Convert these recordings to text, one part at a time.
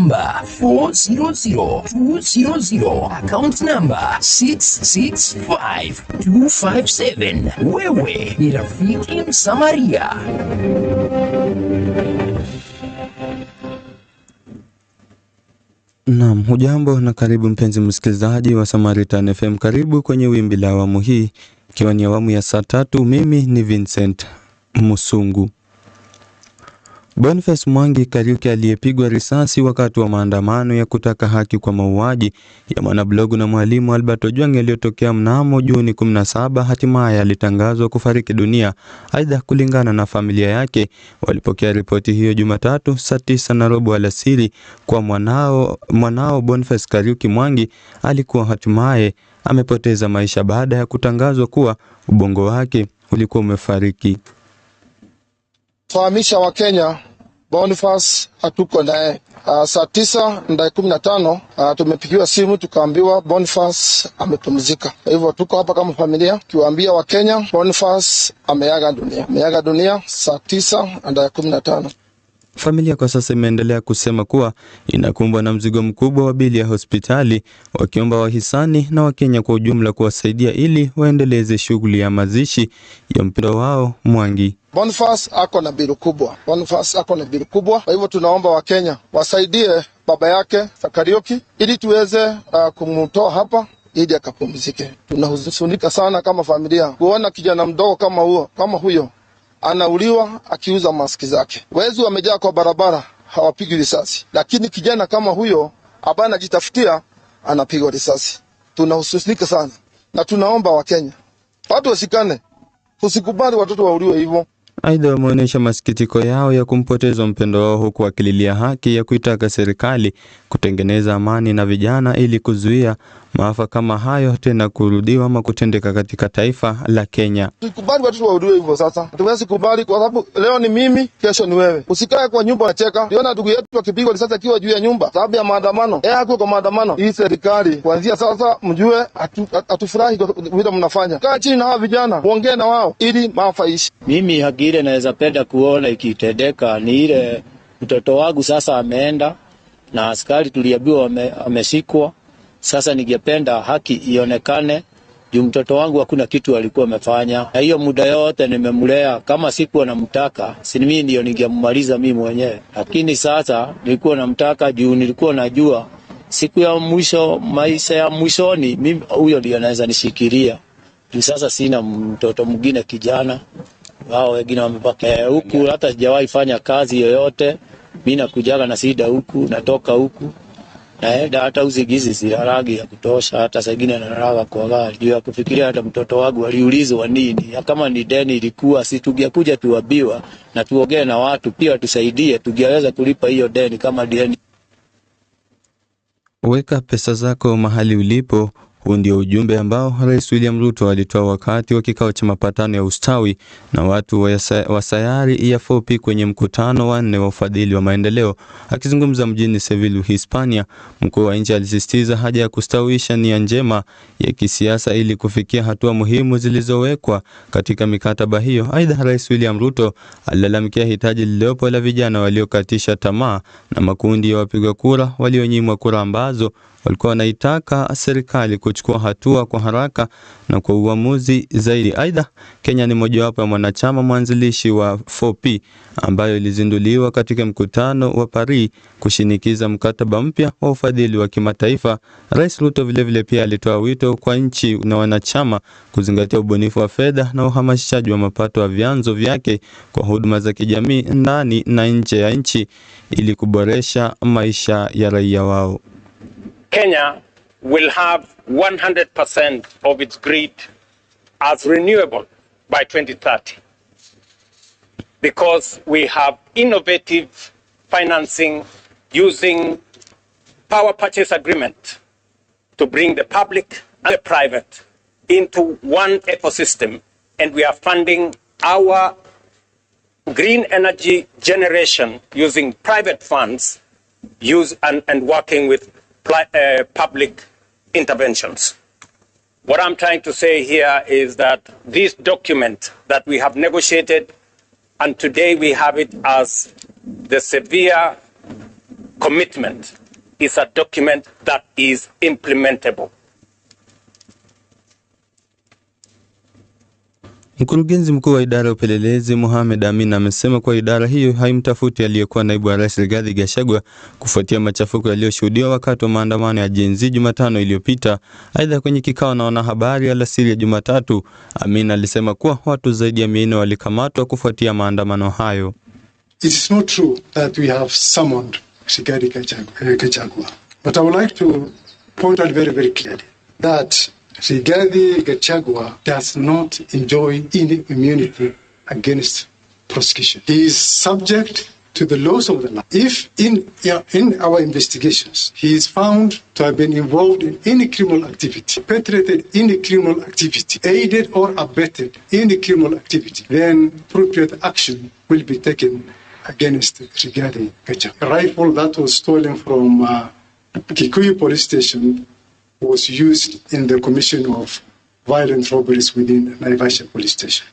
number 400400 account number 665257. Wewe ni rafiki msamaria. Naam, hujambo na karibu mpenzi msikilizaji wa Samaritan FM, karibu kwenye wimbi la awamu hii, ikiwa ni awamu ya saa tatu. Mimi ni Vincent Musungu. Boniface Mwangi Kariuki aliyepigwa risasi wakati wa maandamano ya kutaka haki kwa mauaji ya mwanablogu na mwalimu Albert Ojwang yaliyotokea mnamo Juni 17 hatimaye alitangazwa kufariki dunia. Aidha, kulingana na familia yake, walipokea ripoti hiyo Jumatatu saa tisa na robo alasiri kwa mwanao, mwanao Boniface Kariuki Mwangi alikuwa hatimaye amepoteza maisha baada ya kutangazwa kuwa ubongo wake ulikuwa umefariki. Fahamisha Wakenya Boniface hatuko naye. Uh, saa tisa na kumi na tano uh, tumepigiwa simu tukaambiwa Boniface amepumzika. Kwa hivyo tuko hapa kama familia tukiwaambia Wakenya Boniface ameaga dunia, ameaga dunia saa tisa na kumi na tano. Familia kwa sasa imeendelea kusema kuwa inakumbwa na mzigo mkubwa wa bili ya hospitali, wakiomba wahisani na Wakenya kwa ujumla kuwasaidia ili waendeleze shughuli ya mazishi ya mpendwa wao Mwangi. Boniface ako na biru kubwa, Boniface ako na biru kubwa. Kwa hivyo tunaomba Wakenya wasaidie baba yake Sakarioki ili tuweze uh, kumtoa hapa ili akapumzike. Tunahuzunika sana kama familia kuona kijana mdogo kama huo, kama huyo anauliwa akiuza maski zake. Wezi wamejaa kwa barabara, hawapigi risasi, lakini kijana kama huyo ambaye anajitafutia anapigwa risasi. Tunahuzunika sana na tunaomba Wakenya watu wasikane, tusikubali watoto wauliwe hivyo. Aidha, wameonyesha masikitiko yao ya kumpoteza mpendo wao huku wakililia haki ya kuitaka serikali kutengeneza amani na vijana ili kuzuia maafa kama hayo tena kurudiwa ama kutendeka katika taifa la Kenya. Tukubali watu wahuduwe hivyo sasa, hatuwezi kubali kwa sababu leo ni mimi, kesho ni wewe. Usikae kwa nyumba cheka, Uliona ndugu yetu akipigwa risasi akiwa juu ya nyumba sababu ya maandamano. Eh, hakuwa kwa maandamano. Hii serikali kuanzia sasa mjue hatufurahi atu, atu vile mnafanya. Kaa chini na hawa vijana uongee na wao ili maafa ishi. Mimi haki naweza penda kuona ikitendeka ni ile mtoto wangu sasa ameenda na askari tuliambiwa ameshikwa sasa ningependa haki ionekane juu mtoto wangu hakuna kitu alikuwa amefanya, na hiyo muda yote nimemlea. Kama sikuwa namtaka, si mimi ndio ningemmaliza mimi mwenyewe, lakini sasa nilikuwa namtaka juu nilikuwa najua siku ya mwisho, maisha ya mwishoni, mimi huyo ndio anaweza nishikilia. Juu sasa sina mtoto mwingine kijana, wao wengine wamepaka huku, hata sijawahi fanya kazi yoyote. Mimi nakujaga na sida huku, natoka huku naenda hata uzigizi silalagi ya kutosha, hata saa ingine nalala kwa gari juu ya kufikiria hata mtoto wangu aliulizwa nini, kama ni deni ilikuwa si tungekuja tuambiwa na tuongee na watu pia tusaidie, tungeweza kulipa hiyo deni kama deni. Weka pesa zako mahali ulipo huu ndio ujumbe ambao Rais William Ruto alitoa wakati wa kikao cha mapatano ya ustawi na watu wa sayari ya fupi kwenye mkutano wa nne wa ufadhili wa maendeleo. Akizungumza mjini Seville, Hispania, mkuu wa nchi alisisitiza haja ya kustawisha nia njema ya kisiasa ili kufikia hatua muhimu zilizowekwa katika mikataba hiyo. Aidha, Rais William Ruto alilalamikia hitaji lililopo la vijana waliokatisha tamaa na makundi ya wapiga kura walionyimwa kura ambazo walikuwa wanaitaka serikali kuchukua hatua kwa haraka na kwa uamuzi zaidi. Aidha, Kenya ni mojawapo ya mwanachama mwanzilishi wa 4P ambayo ilizinduliwa katika mkutano wa Paris kushinikiza mkataba mpya wa ufadhili wa kimataifa. Rais Ruto vilevile pia alitoa wito kwa nchi na wanachama kuzingatia ubunifu wa fedha na uhamasishaji wa mapato ya vyanzo vyake kwa huduma za kijamii ndani na nje ya nchi ili kuboresha maisha ya raia wao. Kenya will have 100% of its grid as renewable by 2030 because we have innovative financing using power purchase agreement to bring the public and the private into one ecosystem and we are funding our green energy generation using private funds use and, and working with uh, public interventions. What I'm trying to say here is that this document that we have negotiated, and today we have it as the severe commitment, is a document that is implementable. Mkurugenzi mkuu wa idara ya upelelezi Mohamed Amin amesema kuwa idara hiyo haimtafuti aliyekuwa naibu wa rais Rigathi Gachagua kufuatia machafuko yaliyoshuhudiwa wakati wa maandamano ya Gen Z Jumatano iliyopita. Aidha, kwenye kikao na wanahabari alasiri ya Jumatatu, Amin alisema kuwa watu zaidi ya mia nne walikamatwa kufuatia maandamano hayo. It is not true that we have summoned Rigathi Gachagua, but I would like to point out very very clearly that Rigathi Gachagua does not enjoy any immunity against prosecution. He is subject to the laws of the land. If in, in our investigations he is found to have been involved in any criminal activity, perpetrated any criminal activity, aided or abetted any criminal activity, then appropriate action will be taken against Rigathi Gachagua. A rifle that was stolen from uh, Kikuyu police station was used in the commission of violent robberies within Naivasha police station.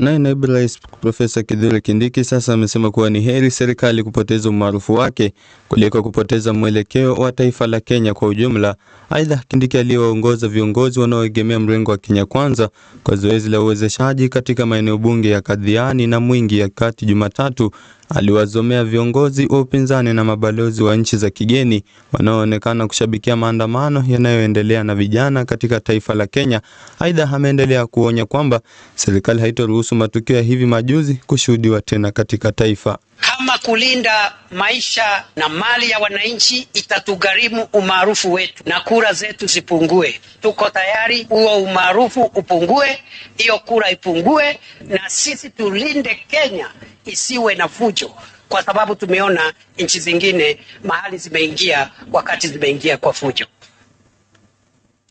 Naye naibu rais Profesa Kithure Kindiki sasa amesema kuwa ni heri serikali kupoteza umaarufu wake kuliko kupoteza mwelekeo wa taifa la Kenya kwa ujumla. Aidha, Kindiki aliyewaongoza viongozi wanaoegemea mrengo wa Kenya Kwanza kwa zoezi la uwezeshaji katika maeneo bunge ya Kadhiani na Mwingi ya Kati Jumatatu aliwazomea viongozi wa upinzani na mabalozi wa nchi za kigeni wanaoonekana kushabikia maandamano yanayoendelea na vijana katika taifa la Kenya. Aidha, ameendelea kuonya kwamba serikali haitoruhusu matukio ya hivi majuzi kushuhudiwa tena katika taifa kama kulinda maisha na mali ya wananchi itatugharimu umaarufu wetu na kura zetu zipungue. Tuko tayari huo umaarufu upungue, hiyo kura ipungue, na sisi tulinde Kenya isiwe na fujo, kwa sababu tumeona nchi zingine mahali zimeingia wakati zimeingia kwa fujo.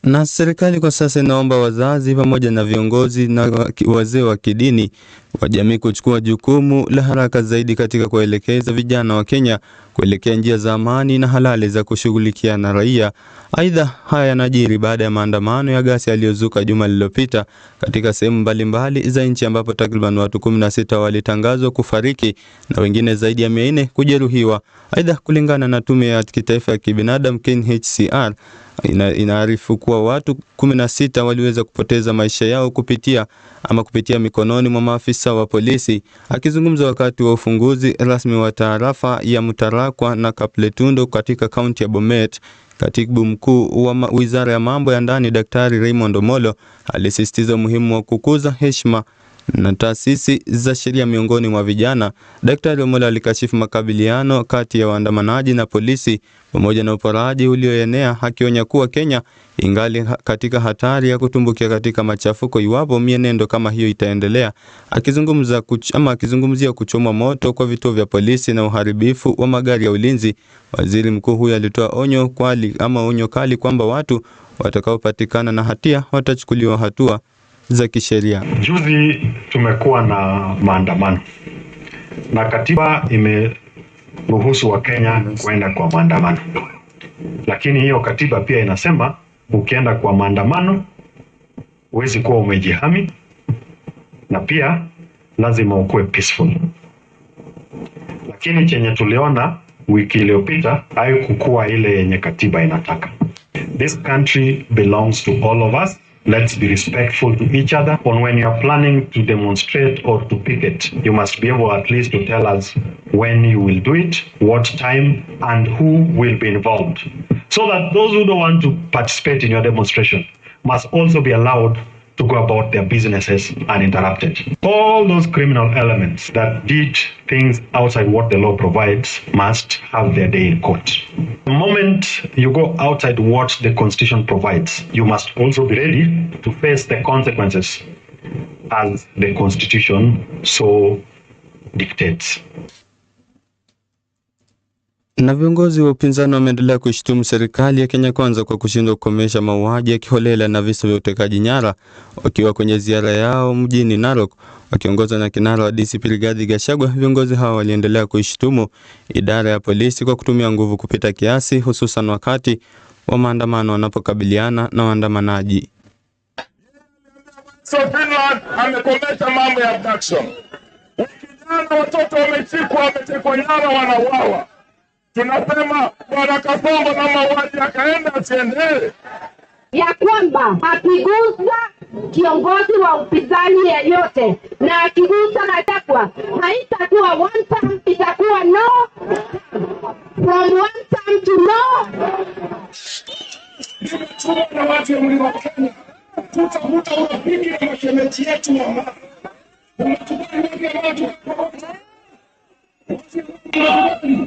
Na serikali kwa sasa inaomba wazazi pamoja na viongozi na wazee wa kidini wa jamii kuchukua jukumu la haraka zaidi katika kuwaelekeza vijana wa Kenya kuelekea njia za amani na halali za kushughulikia na raia. Aidha, haya yanajiri baada ya maandamano ya ghasia yaliyozuka juma lililopita katika sehemu mbalimbali za nchi ambapo takriban watu 16 walitangazwa kufariki na wengine zaidi ya 400 kujeruhiwa. Aidha, kulingana na tume ya kitaifa ya kibinadamu KNHCR ina, inaarifu kuwa watu 16 waliweza kupoteza maisha yao kupitia ama kupitia mikononi mwa maafisa Afisa wa polisi akizungumza wakati wa ufunguzi rasmi wa taarafa ya Mutarakwa na Kapletundo katika kaunti ya Bomet, Katibu Mkuu wa Wizara ya Mambo ya Ndani Daktari Raymond Omolo alisisitiza umuhimu wa kukuza heshima na taasisi za sheria miongoni mwa vijana. Daktari Omolo alikashifu makabiliano kati ya waandamanaji na polisi pamoja na uporaji ulioenea, akionya kuwa Kenya ingali katika hatari ya kutumbukia katika machafuko iwapo mienendo kama hiyo itaendelea. Akizungumza kuch ama akizungumzia kuchomwa moto kwa vituo vya polisi na uharibifu wa magari ya ulinzi, waziri mkuu huyo alitoa onyo kali ama onyo kali kwamba watu watakaopatikana na hatia watachukuliwa hatua za kisheria. Juzi tumekuwa na maandamano na katiba imeruhusu Wakenya kuenda kwa maandamano, lakini hiyo katiba pia inasema ukienda kwa maandamano huwezi kuwa umejihami na pia lazima ukuwe peaceful. Lakini chenye tuliona wiki iliyopita haikukuwa ile yenye katiba inataka. This country belongs to all of us. Let's be respectful to each other. And when you are planning to demonstrate or to picket, you must be able at least to tell us when you will do it, what time, and who will be involved. So that those who don't want to participate in your demonstration must also be allowed to go about their businesses uninterrupted. All those criminal elements that did things outside what the law provides must have their day in court. The moment you go outside what the Constitution provides, you must also be ready to face the consequences as the Constitution so dictates. Na viongozi wa upinzani wameendelea kuishutumu serikali ya Kenya Kwanza kwa kushindwa kukomesha mauaji ya kiholela na visa vya utekaji nyara, wakiwa kwenye ziara yao mjini Narok wakiongozwa na kinara wa DCP Rigathi Gachagua. Viongozi hao waliendelea kuishutumu idara ya polisi kwa kutumia nguvu kupita kiasi, hususan wakati wa maandamano wanapokabiliana na waandamanaji. So Finland amekomesha mambo ya abduction, vijana watoto wamechikwa, wametekwa nyara, wanauawa tunasema Bwana Kasongo na mauaji akaenda asiendelee, ya kwamba akigusa kiongozi wa upinzani yeyote na akigusa na takwa, haitakuwa one time, itakuwa no from one time to no. Nimetumwa na watu ya mlima Kenya kutafuta urafiki na mashemeji yetu wa mama. Unakubali wake watu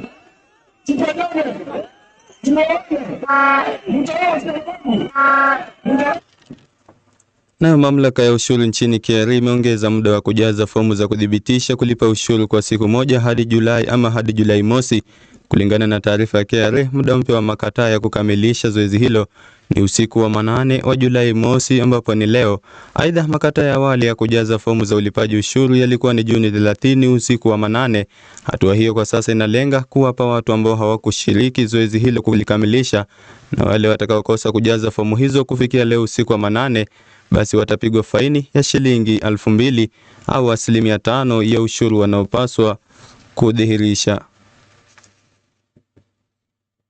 Nayo mamlaka ya ushuru nchini KRA imeongeza muda wa kujaza fomu za kuthibitisha kulipa ushuru kwa siku moja hadi Julai ama hadi Julai mosi. Kulingana na taarifa ya KRA, muda mpya wa makataa ya kukamilisha zoezi hilo ni usiku wa manane wa Julai mosi ambapo ni leo. Aidha, makata ya awali ya kujaza fomu za ulipaji ushuru yalikuwa ni Juni 30 usiku wa manane. Hatua hiyo kwa sasa inalenga kuwapa watu ambao hawakushiriki zoezi hilo kulikamilisha, na wale watakaokosa kujaza fomu hizo kufikia leo usiku wa manane basi watapigwa faini ya shilingi elfu mbili au asilimia tano ya ushuru wanaopaswa kudhihirisha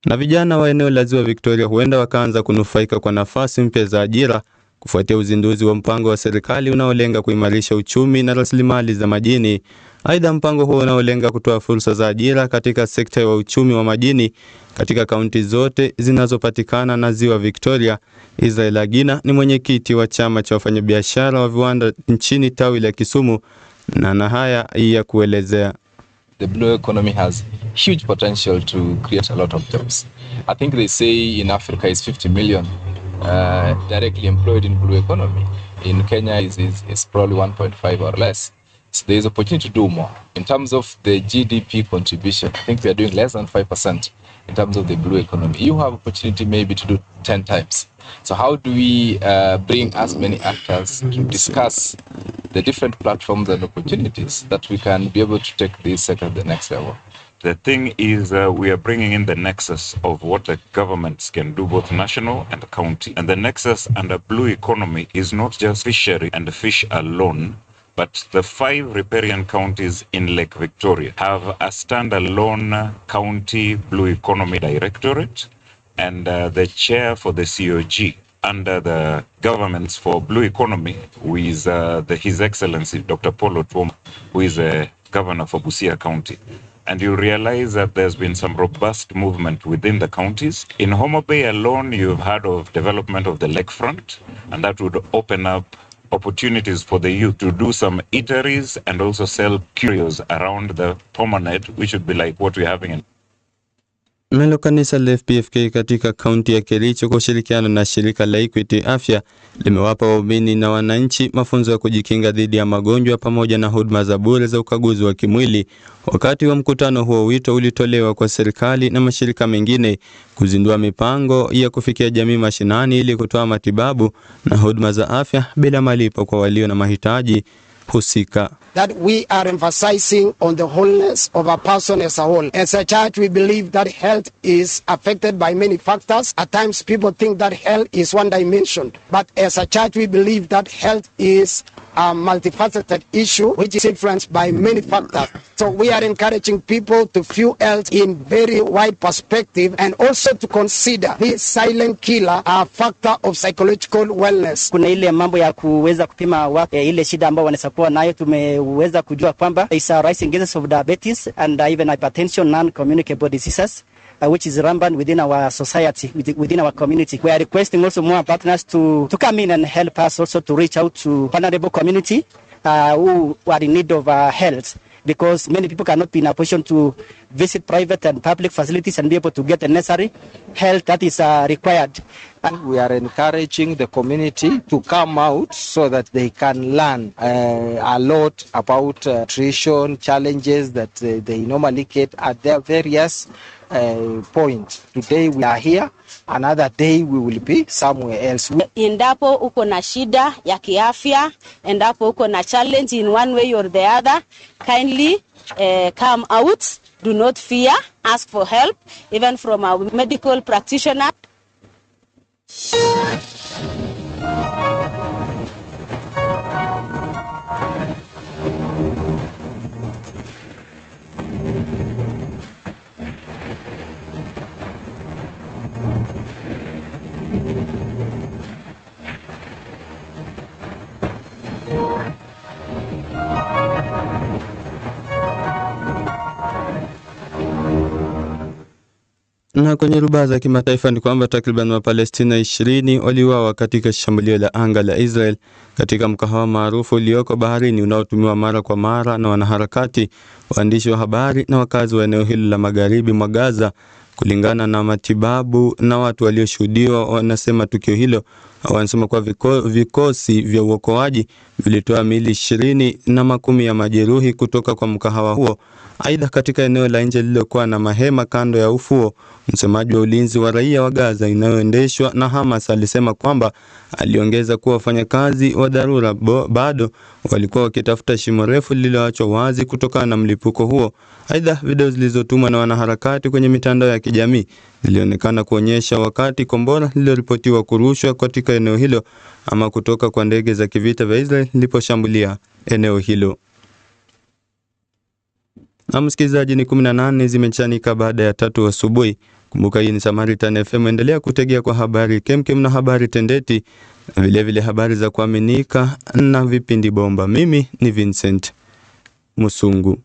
na vijana wa eneo la Ziwa Victoria huenda wakaanza kunufaika kwa nafasi mpya za ajira kufuatia uzinduzi wa mpango wa serikali unaolenga kuimarisha uchumi na rasilimali za majini. Aidha, mpango huo unaolenga kutoa fursa za ajira katika sekta ya uchumi wa majini katika kaunti zote zinazopatikana na Ziwa Victoria. Israel Agina ni mwenyekiti wa chama cha wafanyabiashara wa viwanda nchini tawi la Kisumu na na haya ya kuelezea. the blue economy has huge potential to create a lot of jobs. I think they say in Africa is 50 million uh, directly employed in blue economy. In Kenya is, is, is probably 1.5 or less. So there is opportunity to do more. In terms of the GDP contribution, I think we are doing less than 5% in terms of the blue economy. You have opportunity maybe to do 10 times. So how do we uh, bring as many actors to discuss the different platforms and opportunities that we can be able to take this sector to the next level? The thing is, uh, we are bringing in the nexus of what the governments can do, both national and county. And the nexus under blue economy is not just fishery and fish alone, but the five riparian counties in Lake Victoria have a standalone county blue economy directorate and uh, the chair for the COG under the governments for blue economy with uh, the, His Excellency Dr. Paulo Twoma, who is a governor for Busia County. And you realize that there's been some robust movement within the counties. In Homo Bay alone, you've heard of development of the lakefront, and that would open up opportunities for the youth to do some eateries and also sell curios around the promenade, which would be like what we're having in Nalo kanisa la FPFK katika kaunti ya Kericho kwa ushirikiano na shirika la Equity Afya limewapa waumini na wananchi mafunzo ya kujikinga dhidi ya magonjwa pamoja na huduma za bure za ukaguzi wa kimwili. Wakati wa mkutano huo, wito ulitolewa kwa serikali na mashirika mengine kuzindua mipango ya kufikia jamii mashinani ili kutoa matibabu na huduma za afya bila malipo kwa walio na mahitaji husika that we are emphasizing on the wholeness of a person as a whole. As a church, we believe that health is affected by many factors. At times, people think that health is one dimension, but as a church, we believe that health is a multifaceted issue which is influenced by many factors. So we are encouraging people to view health in very wide perspective and also to consider this silent killer a factor of psychological wellness. tumeweza kujua kwamba is a rising cases of diabetes and even hypertension non-communicable diseases Uh, which is rampant within our society, within our community. We are requesting also more partners to, to come in and help us also to reach out to vulnerable community uh, who are in need of uh, help because many people cannot be in a position to visit private and public facilities and be able to get the necessary health that is uh, required and we are encouraging the community to come out so that they can learn uh, a lot about uh, nutrition challenges that uh, they normally get at their various uh, points. Today we are here, another day we will be somewhere else. Endapo uko na shida ya kiafya, endapo uko na challenge in one way or the other, kindly uh, come out. Do not fear, ask for help, even from our medical practitioner. you Na kwenye ruba za kimataifa ni kwamba takriban Wapalestina ishirini waliuawa katika shambulio la anga la Israel katika mkahawa maarufu ulioko baharini unaotumiwa mara kwa mara na wanaharakati, waandishi wa habari na wakazi wa eneo hilo la magharibi mwa Gaza. Kulingana na matibabu na watu walioshuhudiwa, wanasema tukio hilo wanasema kuwa viko, vikosi vya uokoaji vilitoa miili ishirini na makumi ya majeruhi kutoka kwa mkahawa huo. Aidha, katika eneo la nje lililokuwa na mahema kando ya ufuo, msemaji wa ulinzi wa raia wa Gaza inayoendeshwa na Hamas alisema kwamba aliongeza kuwa wafanyakazi wa dharura bado walikuwa wakitafuta shimo refu lililoachwa wazi kutokana na mlipuko huo. Aidha, video zilizotumwa na wanaharakati kwenye mitandao ya kijamii zilionekana kuonyesha wakati kombora liloripotiwa kurushwa katika eneo hilo ama kutoka kwa ndege za kivita vya Israel liliposhambulia eneo hilo. Na msikilizaji, ni 18 zimechanika baada ya tatu asubuhi. Kumbuka hii ni Samaritan FM, endelea kutegea kwa habari kemkem na habari tendeti, vilevile vile habari za kuaminika na vipindi bomba. Mimi ni Vincent Musungu.